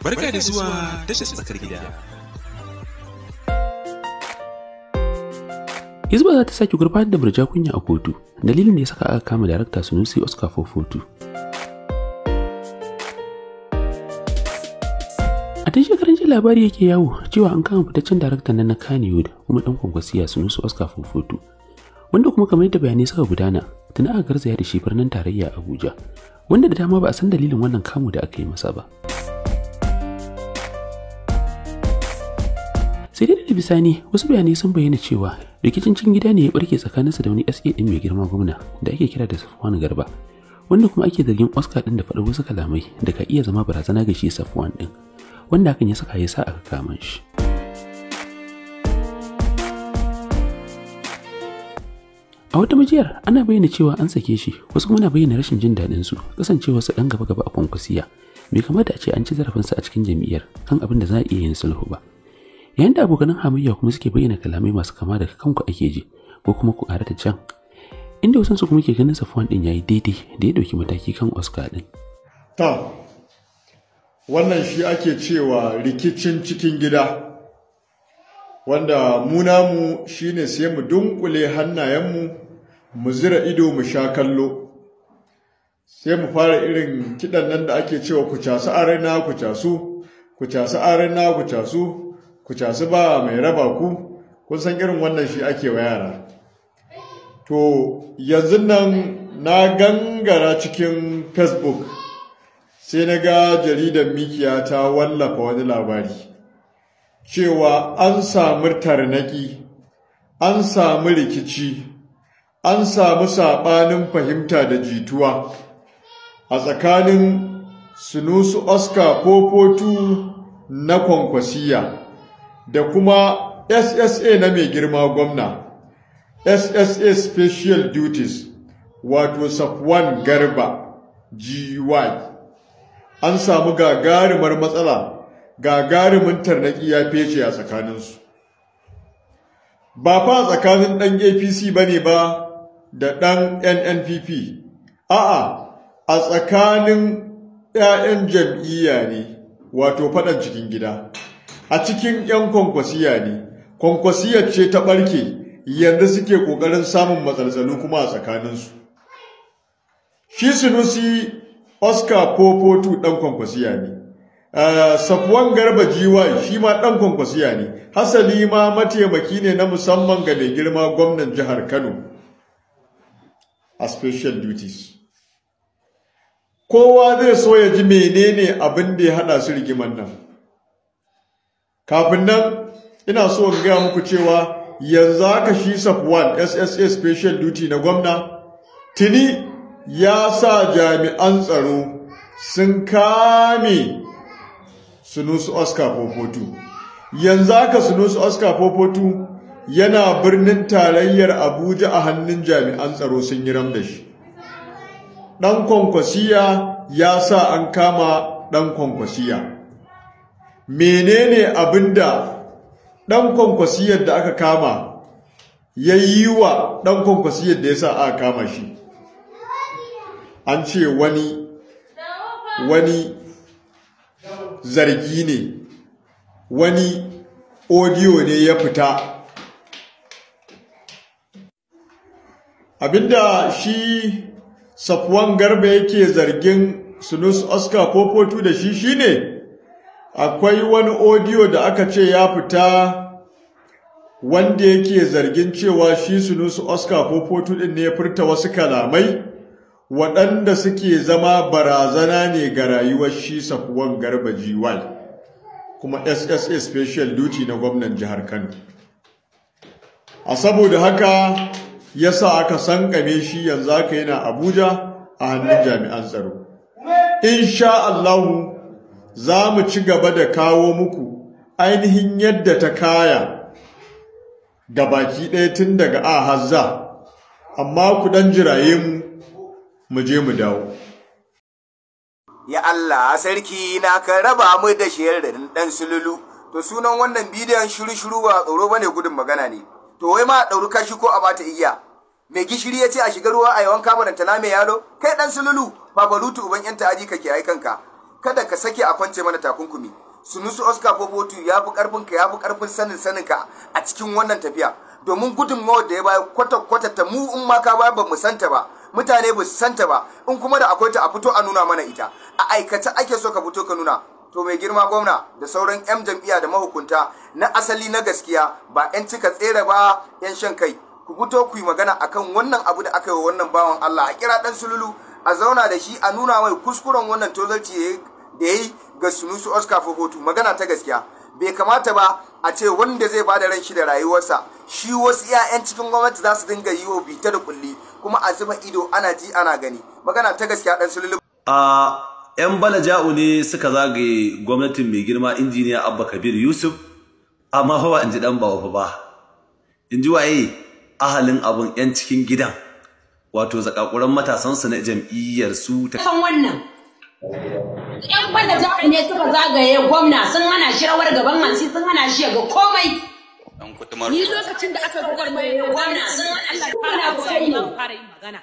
Barka da zuwa tashar tsakar gida. izba za ta sake gurfanar da murja kunya a kotu, dalilin da ya saka aka kama darakta Sunusi Oscar Fofotu. A tun shekarun jin labari yake yawo cewa an kama fitaccen darakta na Kannywood kuma ɗan kwankwasiya Sunusi Oscar Fofotu. Wanda kuma kamar yadda bayanai suka gudana, tana aka garzaya da shi birnin tarayya Abuja, wanda da dama ba a san dalilin wannan kamu da aka yi masa ba. daga bisani wasu bayanai sun bayyana cewa rikicin cin gida ne ya barke tsakaninsa da wani SA din mai girma gwamna da ake kira da Safwan Garba wanda kuma ake zargin Oscar din da faɗar wasu kalamai da ka iya zama barazana ga shi Safwan din wanda hakan ya saka ya sa aka kama shi. A wata majiyar ana bayyana cewa an sake shi wasu kuma na bayyana rashin jin daɗin su kasancewa su ɗan gaba gaba a kwankwasiya bai kamata a ce an ci zarafinsa a cikin jam'iyyar kan abin da za a iya yin sulhu ba. yayin da abokan hamayya kuma suke bayyana kalamai masu kama da kanku ake ji ko kuma ku arata can inda wasan su kuma ke ganin safuwan din yayi daidai da ya dauki mataki kan oscar din to wannan shi ake cewa rikicin cikin gida wanda mu namu shine sai mu dunkule hannayenmu mu zira ido mu sha kallo sai mu fara irin kidan nan da ake cewa ku casu arena ku casu ku casu arena ku casu ku casu ba mai raba ku kun san irin wannan shi ake wa yara to yanzu nan na gangara cikin facebook sai na ga jaridar mikiya ta wallafa wani labari cewa an samu tarnaki an samu rikici an samu saɓanin fahimta da jituwa a tsakanin sunusu oscar popotu na kwankwasiya da kuma ssa na mai girma gwamna ssa special duties wato safwan garba gy an samu gagarumar matsala gagarumin tarnaki ya fece a tsakaninsu ba fa tsakanin ɗan apc ba ne ba da ɗan nnpp a'a a tsakanin 'ya'yan jam'iyya ne wato faɗan cikin gida a cikin 'yan kwankwasiya ne kwankwasiyar ce ta ɓarke yadda suke ƙoƙarin samun matsaltsalu kuma a tsakaninsu shi sunusi oscar popotu ɗan kwankwasiya ne Uh, Garba Jiwa shi ma ɗan kwankwasiya ne, hasali ma mataimaki ne na musamman ga mai girma gwamnan jihar Kano a special duties. Kowa zai so ya ji menene abin da ya haɗa su rigiman nan. kafin nan ina so in gaya muku cewa yanzu haka shi 1, ssa special duty na gwamna tuni ya sa jami'an tsaro sun kame sunusu oscar popotu yanzu haka sunusu oscar popotu yana birnin tarayyar abuja a hannun jami'an tsaro sun yi ram da shi ɗan kwankwasiya ya sa an kama ɗan kwankwasiya menene abinda ɗan kwankwasiyar da aka kama ya yi wa ɗan kwankwasiyar da ya sa aka kama shi an ce wani wani zargi ne wani odiyo ne ya fita abinda shi safuwan garba yake zargin sunus oscar popotu da shi shine akwai wani odiyo da aka ce ya fita wanda yake zargin cewa shi sunusu oscar popotu ɗin ne ya furta wasu kalamai waɗanda suke zama barazana ne ga rayuwar shi safuwan garba gy kuma ssa special duty na gwamnan jihar kano a saboda haka ya sa aka kame shi yanzu haka yana abuja a hannun jami'an tsaro in sha allahu za mu ci gaba da kawo muku ainihin yadda ta kaya ga baki ɗaya tun daga a hazza amma ku ɗan jiraye mu mu je mu dawo ya Allah sarki na kan raba mu da da ɗan sululu to sunan wannan bidiyon shiru shiru ba tsoro bane gudun magana ne to wai ma ɗauri kashi ko a bata iya. mai gishiri ya ce a shiga ruwa a yawan kama da tana mai yalo kai ɗan sululu babalutu uban yan ta'adi kake aikanka kada ka sake a kwance mana takunkumi sunusu oscar popotu ya fi karfin ka ya fi karfin sanin sanin ka a cikin wannan tafiya domin gudunmawar da ya bayar kwata kwata ta mu in ma ka bayar ba mu santa ba mutane ba su santa ba in kuma da akwai ta a fito a nuna mana ita a aikace ake so ka fito ka nuna to mai girma gwamna da sauran 'yan jam'iyya da mahukunta na asali na gaskiya ba 'yan cika tsere ba 'yan shan kai ku fito ku yi magana akan wannan abu da aka yi wa wannan bawan Allah a kira dan sululu a zauna da shi a nuna mai kuskuren wannan tozarci da ya yi ga sunusu oscar fofotu magana ta gaskiya bai kamata ba a ce wanda zai bada ran shi da rayuwarsa shi wasu 'ya'yan cikin gwamnati za su dinga yi wa bita da kulli kuma a zuma ido ana ji ana gani magana ta gaskiya dan sululu a yan bala ja'u ne suka zagaye gwamnatin mai girma injiniya abba kabir yusuf amma hawa in ji dan ba ba in ji waye ahalin abun yan cikin gidan wato zakakuran matasan su na jam'iyyar su ta wannan Yan banda jafi ne suka zagaye gwamna sun hana shi rawar gaban mansi sun hana shi ga komai. Ni lokacin da aka gugar mai gwamna sun hana shi fara kokari ne.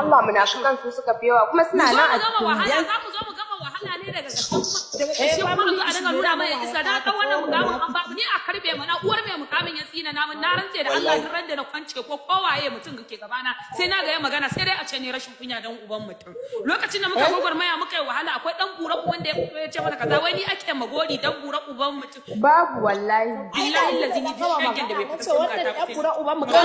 Allah munafukan su suka fi yawa kuma suna nan a cikin yanzu. wahala ne daga gaban daga shi eh, kuma zo a dinga nuna mai isa da dan wannan mukamin an ba ni a karbe mana uwar mai mukamin ya tsina na mun na rantse da Allah duk randa na kwance ko kowaye mutum kake gabana sai na ga ya magana sai dai a ce ne rashin kunya dan uban mutum lokacin da muka eh? gwagwarmaya muka yi wahala akwai dan bura uban da ya ce mana kaza wai ni ake magori dan bura uban mutum babu wallahi billahi lazi ni shagin da bai fita sun ka ta fita uban mutum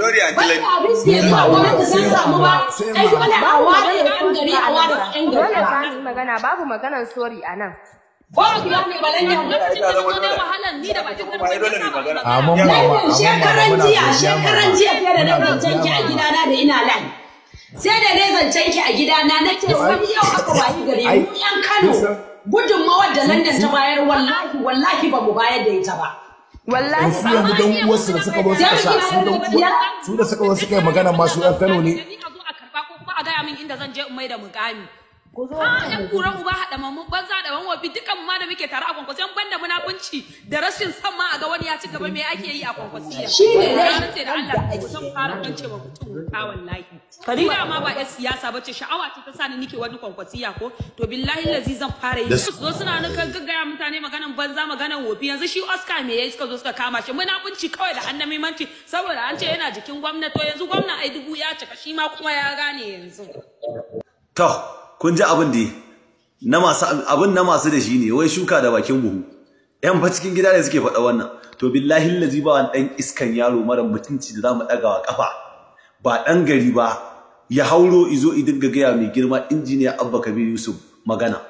dori a gilan ba abin da ya ba wanda zan samu ba ai dole a ware yan gari a da yan gari dole ba magana Allah babu maganan sori a nan. Shekaran jiya, shekaran jiya fiye da na zancen ki a gidana da ina nan. Sai da na zancen a gidana na ce sani yau aka wayi gare mu yan Kano. Gudunmawar da London ta bayar wallahi wallahi ba mu bayar da ita ba. wallahi su yanzu dan uwarsu da suka zo suka sa su dan uwa su da suka zo suka yi magana ma su ɗan Kano ne a ko kuma a gaya min inda zan je in mai da mukami a ah, yan kuran uba mu banza da wani wabi dukan ma da muke tare a kwankwasi yan banda da rashin son ma a ga wani ya ci gaba me ake yi a kwankwasi shi ne ce da Allah san fara kan cewa mutum ta wallahi kalima ma ba yan siyasa bace sha'awa ce ta sani nike wani kwankwasiya ko to billahi lazi zan fara yi su zo suna nan kan gaggaya mutane maganan banza maganan wofi yanzu shi Oscar me yayi suka zo suka kama shi munafunci kawai da annami manci saboda an ce yana jikin gwamnati to yanzu gwamna ai dubu ya cika shi ma kuma ya gane yanzu to kun ji abin da na masu abin na masu da shi ne wai shuka da bakin buhu yan fa cikin gida ne suke faɗa wannan to billahi lazi ba wani ɗan iskan yaro mara mutunci da zamu ɗaga wa kafa ba ɗan gari ba ya hauro izo i dinga gaya mai girma injiniya Abba Kabir Yusuf magana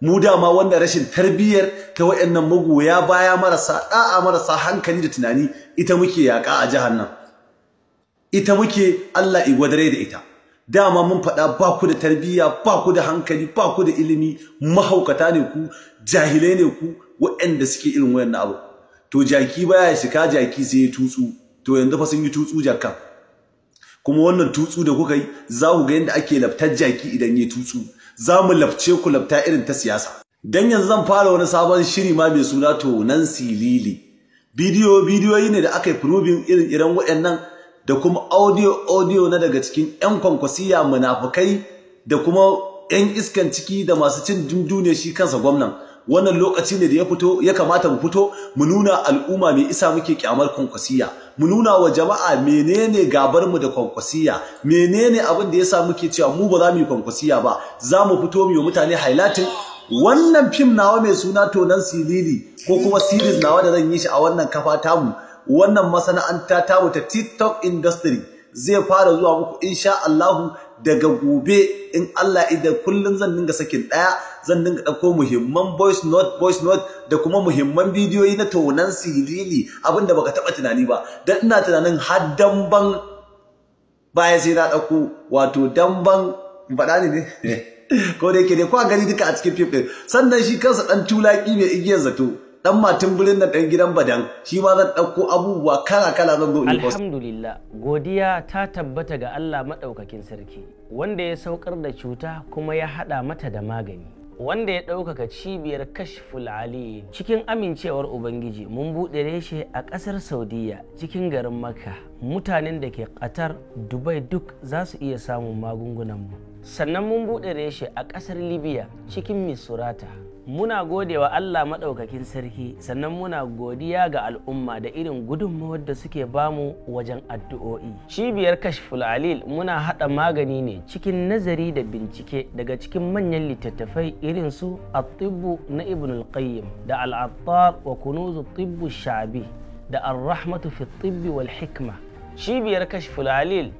mu dama wanda rashin tarbiyyar ta wayannan magoya baya marasa da'a marasa hankali da tunani ita muke yaƙa a jihar nan ita muke Allah i gwadare da ita dama mun faɗa ba ku da tarbiyya ba ku da hankali ba ku da ilimi mahaukata ne ku jahilai ne ku waɗanda suke irin na abu to jaki baya ya shika jaki sai ya tutsu to yanzu fa sun yi tutsu jakan kuma wannan tutsu da kuka yi za ku ga yadda ake laftar jaki idan ya tutsu za mu lafce ku lafta irin ta siyasa dan yanzu zan fara wani sabon shiri ma mai suna to nan silili bidiyo bidiyoyi ne da aka yi probing irin irin waɗannan da kuma audio audio na daga cikin 'yan kwankwasiya munafukai da kuma 'yan iskan ciki da masu cin dundune shi kansa gwamnan wannan lokaci ne da ya fito ya kamata mu fito mu nuna al'umma mai isa muke kyamar kwankwasiya mu nuna wa jama'a menene gabar mu da kwankwasiya menene abin da ya sa muke cewa mu ba za mu yi kwankwasiya ba za mu fito mu yi mutane highlighting wannan fim nawa mai suna tonan silili ko kuma series nawa da zan yi shi a wannan kafa tamu wannan masana'anta ta wuta TikTok industry zai fara zuwa muku insha Allahu daga gobe in Allah idan kullum zan dinga sakin daya zan dinga dauko muhimman voice note voice note da kuma muhimman bidiyoyi na tonan sirili abinda baka taba tunani ba dan ina tunanin har damban baya sai na dauko wato damban bada ne ne eh. ko da yake dai kwa gani duka a cikin fim din sannan shi kansa dan tulaki mai igiyar zato dan matun birnin da dan gidan badan shi ma zan ɗauko abubuwa kala kala zan zo alhamdulillah godiya ta tabbata ga Allah madaukakin sarki wanda ya saukar da cuta kuma ya hada mata da magani wanda ya ɗaukaka cibiyar kashful ali cikin amincewar ubangiji mun buɗe reshe a ƙasar saudiya cikin garin makka mutanen da ke ƙatar dubai duk za su iya samun magungunan mu. sannan mun buɗe reshe a ƙasar libya cikin misurata muna gode wa Allah maɗaukakin sarki sannan muna godiya ga al'umma da irin gudunmawar da suke bamu wajen addu'o'i. Cibiyar Kashful Alil muna haɗa magani ne cikin nazari da bincike daga cikin manyan littattafai irin su At-Tibbu na Ibn al-Qayyim da Al-Attar wa Kunuzu Tibbu Shabi da al rahmatu fi Tibbi wal Hikma. Cibiyar Kashful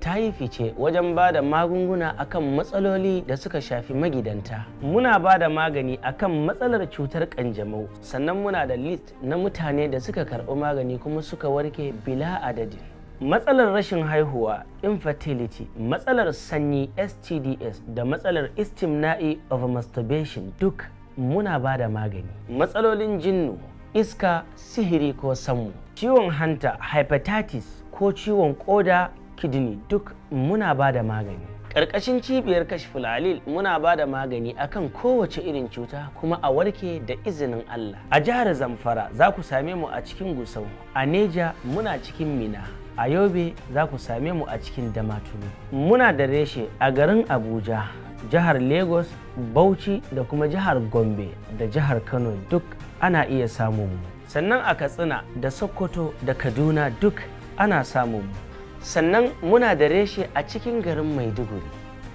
ta yi fice wajen ba da magunguna akan matsaloli da suka shafi magidanta. Muna ba da magani akan matsalar cutar ƙanjamau, sannan muna da list na mutane da suka karɓi magani kuma suka warke bila adadin. matsalar rashin haihuwa infertility matsalar sanyi stds da matsalar istimna'i of masturbation duk muna ba da magani matsalolin jinnu iska sihiri ko sammu ciwon hanta hepatitis ko ciwon koda kidney duk muna ba da magani ƙarƙashin cibiyar kashful alil muna ba da magani akan kowace irin cuta kuma a warke da izinin Allah a jihar Zamfara za ku same mu a cikin Gusau a Neja muna cikin Mina a Yobe za ku same mu a cikin Damaturu muna da reshe a garin Abuja jihar Lagos Bauchi da kuma jihar Gombe da jihar Kano duk ana iya samun mu sannan a Katsina da Sokoto da Kaduna duk ana samun mu sannan muna da reshe a cikin garin maiduguri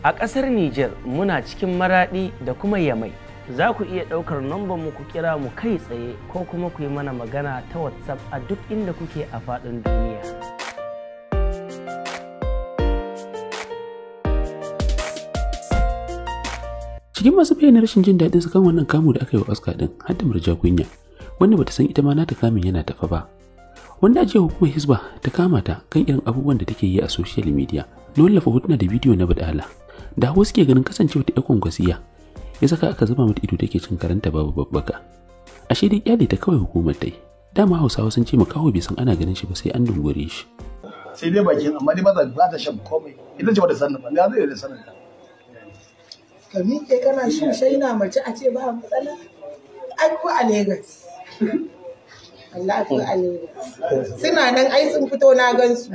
a ƙasar Nijar muna cikin maraɗi da kuma yamai za ku iya ɗaukar nomba mu ku kira mu kai tsaye ko kuma ku yi mana magana ta whatsapp a duk inda kuke a faɗin duniya cikin masu bayyana rashin jin daɗin su kan wannan kamu da aka yi wa oscar ɗin har da murja kunya wanda bata san ita ma nata kamin yana tafa ba wanda ce hukumar hisba ta kama ta kan irin abubuwan da take yi a social media wallafa hotuna da bidiyo na badala da hawa suke ganin kasancewa ta ikon gwasiya ya saka aka zuba mata ido take cin karanta babu babbaka ashe dai kyale ta kawai hukumar ta yi dama hausawa sun ce makaho bai san ana ganin shi ba sai an dungure shi sai dai bakin amma dai ba ta shan komai ita ce wata sanin ba ga zai yi da sanin ta ka miƙe kana shan shaina mace a ce ba matsala ai ko a Legas. Allahu alaihi. Suna nan ai sun fito na gansu.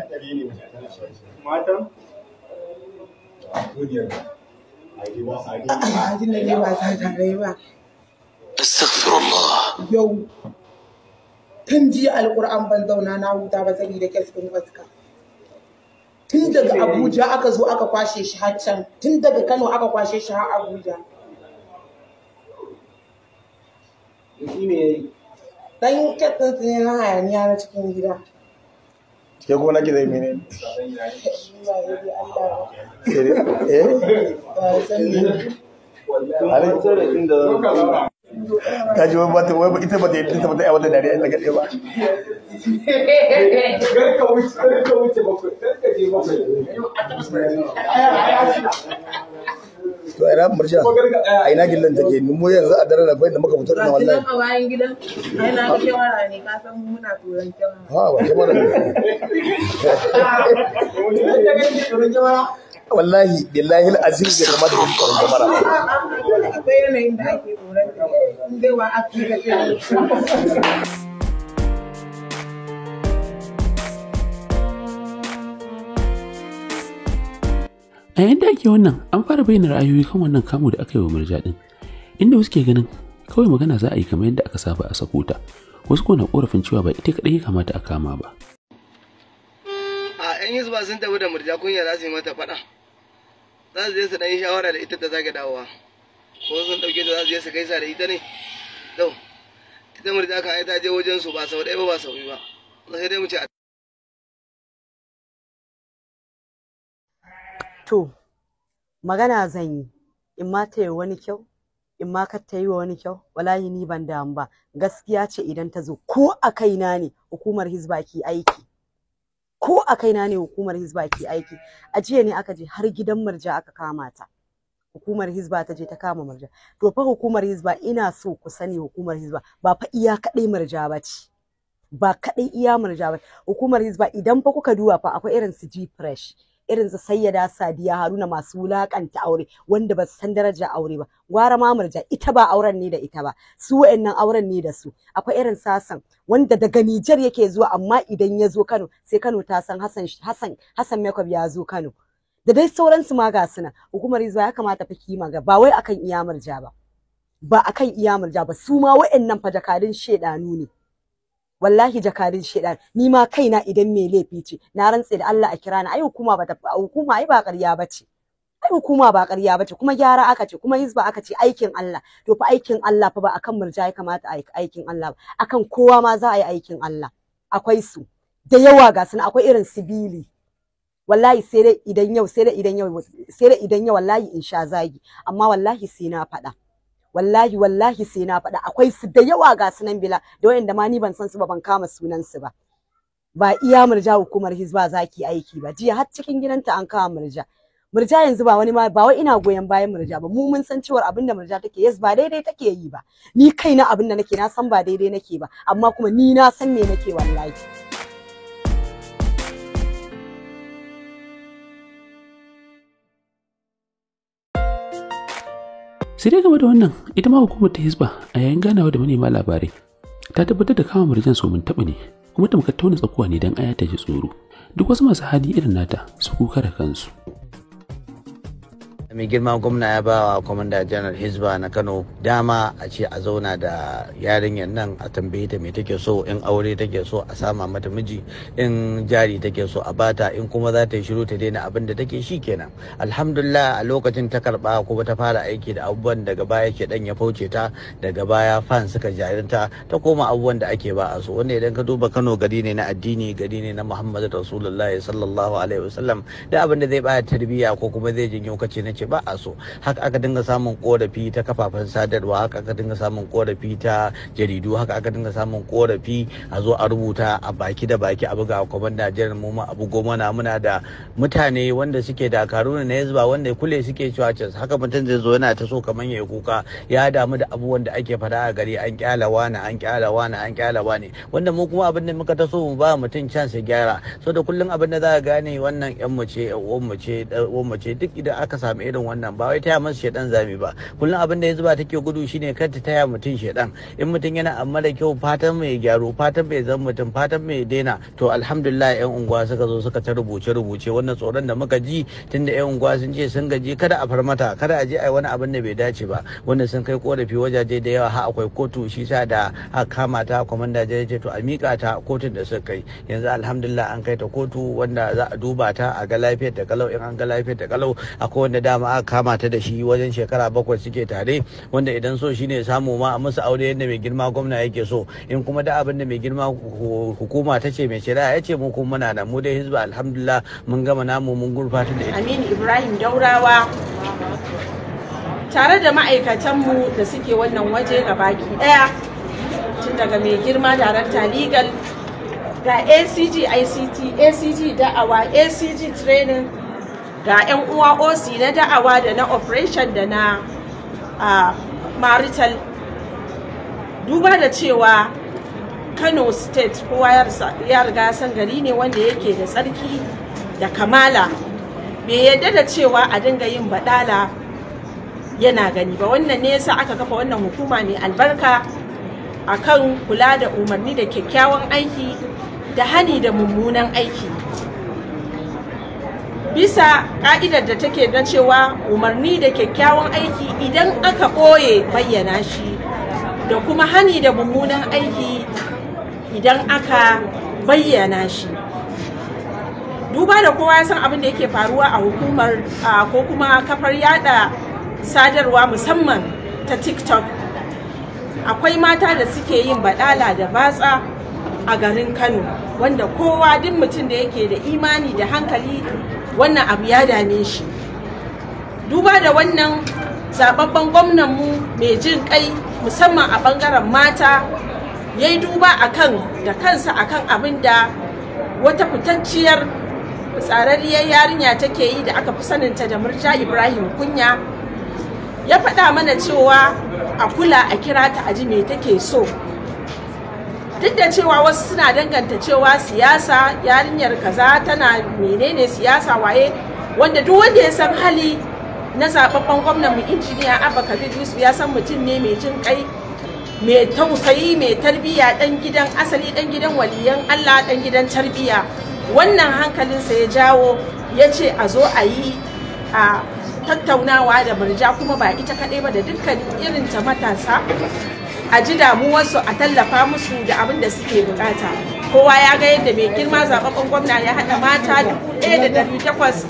Matan? Adina ne ba sa tare ba. Yau. Tun ji Alƙur'an ban zauna na huta ba saboda kes ɗin fuska. Tun daga Abuja aka zo aka kwashe shi har can, tun daga Kano aka kwashe shi har Abuja. Shi ne dan kyatsin su ne na hayaniya na cikin gida ke kuma nake zai eh? ta ji bata wai ita bata bata dariya ba garka wuce garka wuce bakwai garka je bakwai to ai na murja ai na gillan take mu yanzu a daren akwai da muka fito da wallahi a bayan gidan ai na ga shawara ne ka san muna turan jama'a ha ba wallahi billahi kamata ku da ake a a yadda ake wannan an fara bayyana ra'ayoyi kan wannan kamu da aka yi wa murja din inda wasu ke ganin kawai magana za a yi kamar yadda aka saba a sakota wasu ko na korafin cewa ba ita kadai ya kamata a kama ba a yan yusuf sun tafi da murja kunya za su yi mata faɗa za su je su ɗan yi shawara da ita ta zage dawowa ko sun ɗauke ta za su je su gaisa da ita ne to ita murja ka ai ta je wajen su ba sau ɗaya ba ba sau biyu ba sai dai mu ce to magana zan yi in ma ta yi wani kyau in ma ka ta yi wa wani kyau wallahi ni ban damu ba gaskiya ce idan ta zo ko a kaina ne hukumar hizba ke aiki ko a kaina ne hukumar hizba ke aiki a jiya ne aka je har gidan murja aka kama ta hukumar hizba ta je ta kama murja to fa hukumar hizba ina so ku sani hukumar hizba ba fa iya kadai murja ba ce ba kadai iya murja ba hukumar hizba idan fa kuka duba fa akwai irin su g fresh irin su sayyada sadiya haruna masu wulakanta aure wanda ba su san daraja aure ba gwara mamurja ita ba auren ne da ita ba su wa'annan auren ne da su akwai irin sasan wanda daga Nijar yake zuwa amma idan ya zo Kano sai Kano ta san Hassan Hassan Hassan Makeup ya zo Kano da dai sauransu ma ga suna hukumar izuwa ya kamata fa kima ga ba wai akan iya murja ba ba akan iya murja ba su ma wa'annan fa jakadun shedanu ne wallahi jakarin shedan ni ma kaina idan me laifi ce na rantse da Allah a kira ni ai hukuma ba hukuma ai ba ƙarya bace ai hukuma ba ƙarya bace kuma gyara aka ce kuma hisba aka ce aikin Allah to fa aikin Allah fa ba akan murja ya kamata a aikin Allah ba akan kowa ma za a yi aikin Allah akwai su da yawa ga suna akwai irin sibili wallahi sai dai idan yau sai dai idan yau sai dai idan yau wallahi in sha zagi amma wallahi sai na faɗa wallahi wallahi sai na faɗa akwai su da yawa ga sunan bila da wayanda ma ni ban san su ba ban kama sunan su ba ba iya murja hukumar hizba zaki aiki ba jiya har cikin gidanta an kama murja murja yanzu ba wani ma ba wai ina goyon bayan murja ba mu mun san cewa abinda murja take yes ba daidai take yi ba ni kaina abinda nake na san ba daidai nake ba amma kuma ni na san me nake wallahi sai dai game da wannan ita ma hukumar ta hisba a yayin ganawa da manema labarai ta tabbatar da kama murjan mun taɓa ne kuma ta muka tauna tsakuwa ne don aya ta ji tsoro duk wasu masu hali irin nata su kuka da kansu mai girma gwamna ya ba wa kwamanda janar hizba na kano dama a ce a zauna da yarinyar nan a tambaye ta me take so in aure take so a sama mata miji in jari take so a bata in kuma za ta yi shiru ta daina abin da take shi kenan alhamdulillah a lokacin ta karba kuma ta fara aiki da abubuwan daga baya ke dan ya fauce ta daga baya fan suka jarinta ta koma abubuwan da ake ba a so wanda idan ka duba Kano gari ne na addini gari ne na Muhammadu Rasulullahi sallallahu alaihi wasallam da abin da zai baya tarbiyya ko kuma zai jinyo kace nace ba a so haka aka dinga samun korafi ta kafafen sadarwa haka aka dinga samun korafi ta jaridu haka aka dinga samun korafi a zo a rubuta a baki da baki a buga kwamar najeriya mu ma abu goma na muna da mutane wanda suke dakaru na hezba wanda kule suke cewa haka mutum zai zo yana ta so kamar ya kuka ya damu da abubuwan da ake fada a gari an kyala wani an kyala wani an kyala wani wanda mu kuma abin da muka ta so mu ba mutum chance gyara so da kullum abin da za a gane wannan yan mace yan uwan mace duk idan aka samu irin wannan ba wai taya masa shaidan zami ba kullum abin da ya zuba take gudu shine kar ta taya mutum shaidan in mutum yana amma da kyau fatan mai gyaro fatan mai zan mutum fatan mai daina to alhamdulillah yan unguwa suka zo suka ta rubuce rubuce wannan tsoron da muka ji tunda yan unguwa sun ce sun gaji kada a mata kada a je a wani abin da bai dace ba wanda sun kai korafi wajaje da yawa ha akwai kotu shi sa da a kama ta je to a mika ta kotun da suka kai yanzu alhamdulillah an kai ta kotu wanda za a duba ta a ga lafiyar ta kalau in an ga lafiyar ta kalau akwai wanda da dama aka kama ta da shi wajen shekara bakwai suke tare wanda idan so shine samu ma a musu aure yadda mai girma gwamna yake so in kuma da abin da mai girma hukuma ta ce mai shari'a ya ce mu kuma muna da mu dai hizba alhamdulillah mun gama namu mun gurfatar da ita Aminu Ibrahim Daurawa tare da ma'aikatanmu da suke wannan waje ga baki daya tun daga mai girma darakta legal ga acg ict acg da'awa acg training ga 'yan uwa oc na da'awa da na operation da na marital duba da cewa kano state kowa ya riga san gari ne wanda yake da tsarki da kamala bai yadda da cewa a dinga yin badala yana gani ba wannan ne yasa aka kafa wannan hukuma mai albarka akan kula da umarni da kyakkyawan aiki da hani da mummunan aiki bisa ka'idar da take na cewa umarni da kyakkyawan aiki idan aka ɓoye bayyana shi da kuma hani da mummunan aiki idan aka bayyana shi duba da kowa ya san abin da yake faruwa a hukumar ko kuma kafar yada sadarwa musamman ta tiktok akwai mata da suke yin baɗala da batsa a garin kano wanda kowa duk mutum da yake da imani da hankali wannan abu ya dame shi duba da wannan zababben gwamnanmu mai jin kai musamman a bangaren mata ya yi duba a kan da kansa a kan abin da wata fitacciyar tsararriyar yarinya take yi da aka fi saninta da murja ibrahim kunya ya faɗa mana cewa a kula a kira ta aji me take so duk da cewa wasu suna danganta cewa siyasa yarinyar kaza tana menene siyasa waye wanda duk wanda ya san hali na zababban gwamnan mu injiniya abba kabir yusuf ya san mutum ne mai jin kai mai tausayi mai tarbiyya dan gidan asali dan gidan waliyan allah dan gidan tarbiyya wannan hankalinsa ya jawo ya ce a zo a yi a tattaunawa da murja kuma ba ita kaɗai ba da dukkan irinta matasa a ji damuwarsu a tallafa musu da abin da suke bukata kowa ya ga yadda mai girma zaɓaɓɓen gwamna ya haɗa mata ɗaya da takwas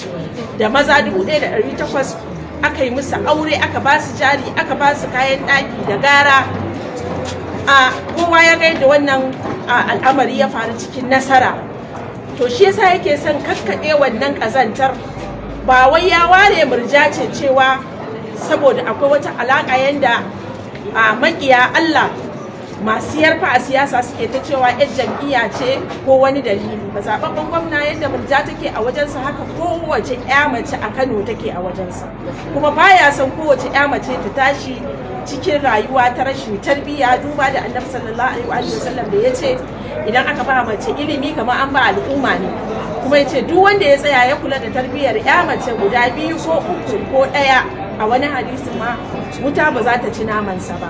da maza dubu da takwas, aka yi musu aure aka ba su jari aka ba su kayan ɗaki da gara a kowa ya ga yadda wannan al'amari ya faru cikin nasara to shi yasa yake son kakkaɗe wannan ƙazantar ba wai ya ware murjace cewa saboda akwai wata alaƙa yanda a makiya Allah masu yarfa a siyasa suke ta cewa yan jam'iyya ce ko wani dalili ba zaɓaɓɓen gwamna yadda murja take a wajensa haka kowace ya mace a kano take a wajensa kuma baya san kowace ya mace ta tashi cikin rayuwa ta rashin tarbiyya duba da annabi sallallahu da ya idan aka ba mace ilimi kamar an ba al'umma ne kuma yace duk wanda ya tsaya ya kula da tarbiyyar ya mace guda biyu ko uku ko ɗaya a wani hadisi ma wuta ba za ta ci namansa ba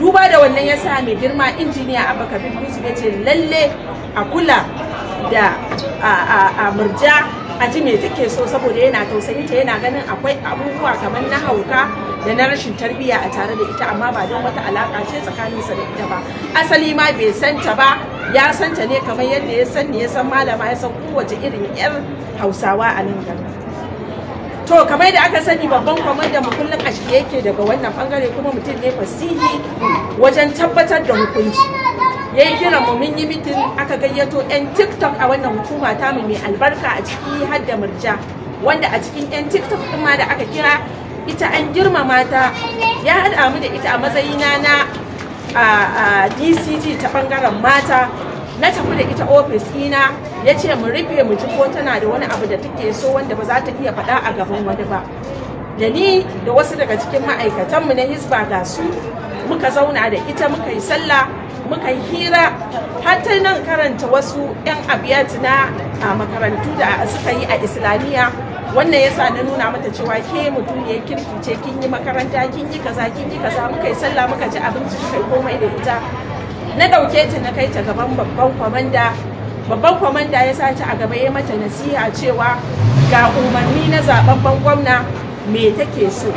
duba da wannan ya sa mai girma injiniya abu kabir yusuf ya ce lalle a kula da a murja a ji me take so saboda yana tausayi ta yana ganin akwai abubuwa kamar na hauka da na rashin tarbiyya a tare da ita amma ba don wata alaka ce tsakaninsa da ita ba asali ma bai san ta ba ya san ta ne kamar yadda ya san ni ya san malama ya san kowace irin yar hausawa a nan gaba to kamar da aka sani babban kwamanda mu kullum a shirye yake daga wannan bangare kuma mutum ne fasihi wajen tabbatar da hukunci ya yi kiran mu mun yi mitin aka gayyato 'yan tiktok a wannan hukuma mu mai albarka a ciki har da murja wanda a cikin 'yan tiktok ɗin ma da aka kira ita an girmama ta ya haɗa mu da ita a matsayina na a dcg ta bangaren mata na tafi da ita ofis ina ya ce mu rufe mu ji ko tana da wani abu da take so wanda ba za ta iya faɗa a gaban wani ba da ni da wasu daga cikin ma'aikatanmu na hisba ga su muka zauna da ita muka yi sallah muka yi hira har ta nan karanta wasu 'yan abiyat na a makarantu da suka yi a islamiyya wannan ya sa na nuna mata cewa ke mutum ya kirkice kin yi makaranta kin yi kaza kin yi kaza muka yi sallah muka ji abinci muka yi komai da ita na ɗauke ta na kai ta gaban babban kwamanda babban kwamanda ya sace a gaba ya mata nasiha cewa ga umarni na ban gwamna me take so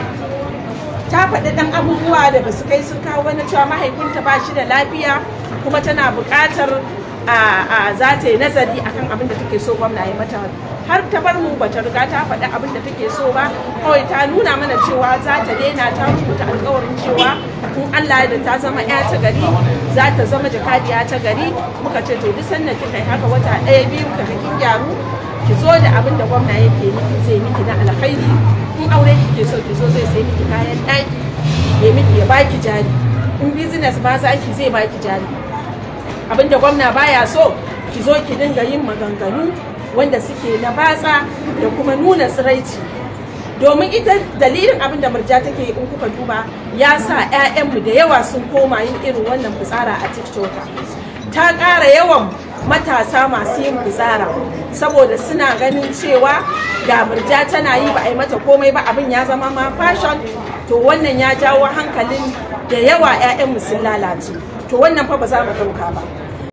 ta faɗi ɗan abubuwa da basu kai sun kawo na cewa mahaifinta ba shi da lafiya kuma tana buƙatar za ta yi nazari akan abin da take so gwamna ya mata har ta bar mu bata riga ta faɗi abin da take so ba kawai ta nuna mana cewa za ta daina ta rubuta alkawarin cewa Kun Allah da ta zama ya ta gari za ta zama jakadiya ta gari muka ce to duk sannan kika haka wata ɗaya biyu ka kin gyaru ki zo da abin da gwamna yake miki zai miki na alkhairi Kun aure kike so ki zo zai sai miki kayan ɗaki ya miki ya baki jari in business ba za ki zai baki jari abinda gwamna baya so ki zo ki dinga yin maganganu wanda suke na batsa da kuma nuna tsiraici domin ita dalilin abin da murja take yi in kuka duba ya sa 'ya'yanmu da yawa sun koma yin irin wannan fitsara a tiktok ta ƙara yawan matasa masu yin fitsara saboda suna ganin cewa da murja tana yi ba a yi mata komai ba abin ya zama ma fashion to wannan ya jawo hankalin da yawa 'ya'yanmu sun lalace to wannan fa ba za mu ɗauka ba